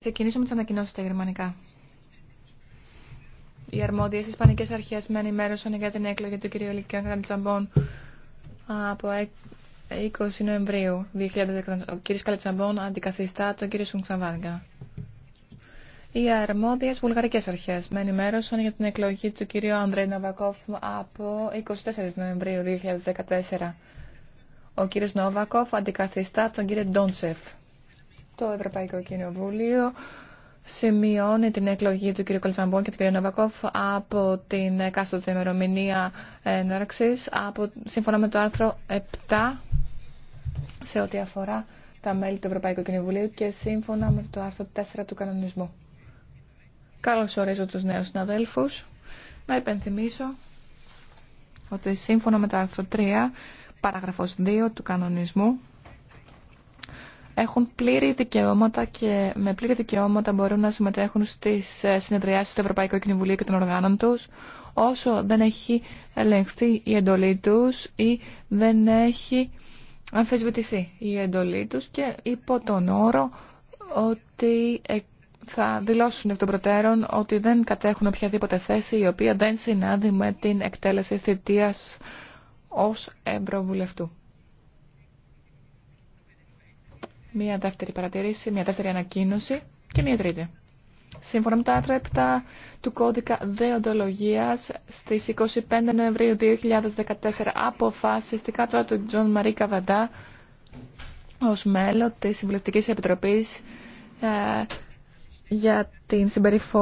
Ξεκινήσουμε με τι ανακοινώσει στα γερμανικά. Οι αρμόδιε Ισπανικέ Αρχέ με ενημέρωσαν για την έκλογη του κ. Λικιάν Καλτσαμπών από 20 Νοεμβρίου 2018. Ο κ. Καλτσαμπών αντικαθιστά τον κ. Σουνξαβάγκα. Οι αρμόδιε Βουλγαρικέ Αρχέ με ενημέρωσαν για την εκλογή του κ. Ανδρέ Νοβακόφ από 24 Νοεμβρίου 2014. Ο κ. Νόβακοφ αντικαθιστά τον κ. Ντόντσεφ το Ευρωπαϊκό Κοινοβούλιο σημειώνει την εκλογή του κ. Κολτσαμπών και του κ. Νοβακόφ από την εκάστοτε ημερομηνία έναρξη, από, σύμφωνα με το άρθρο 7, σε ό,τι αφορά τα μέλη του Ευρωπαϊκού Κοινοβουλίου και σύμφωνα με το άρθρο 4 του κανονισμού. Καλώς ορίζω τους νέους συναδέλφους. Να υπενθυμίσω ότι σύμφωνα με το άρθρο 3, παράγραφος 2 του κανονισμού, έχουν πλήρη δικαιώματα και με πλήρη δικαιώματα μπορούν να συμμετέχουν στις ε, συνεδριάσεις του Ευρωπαϊκού Κοινοβουλίου και των οργάνων τους όσο δεν έχει ελεγχθεί η εντολή τους ή δεν έχει αμφισβητηθεί η εντολή τους και υπό τον όρο ότι ε, θα δηλώσουν εκ των προτέρων ότι δεν κατέχουν οποιαδήποτε θέση η οποία δεν συνάδει με την εκτέλεση θητείας ως Ευρωβουλευτού μία δεύτερη παρατηρήση, μία δεύτερη ανακοίνωση και μία τρίτη. Σύμφωνα με τα του κώδικα δεοντολογίας στις 25 Νοεμβρίου 2014 αποφασιστικά τώρα του Τζον Μαρί Καβαντά ως μέλο της Συμβουλευτικής Επιτροπής ε, για την συμπεριφορά